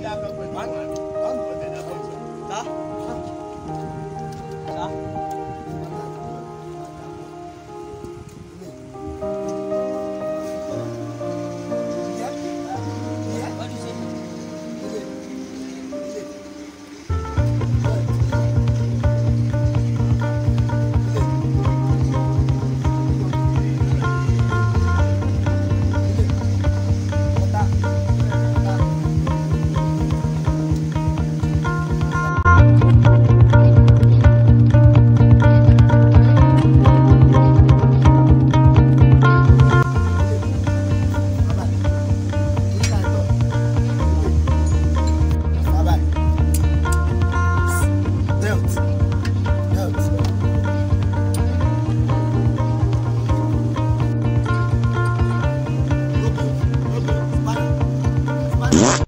¡Gracias! pues What?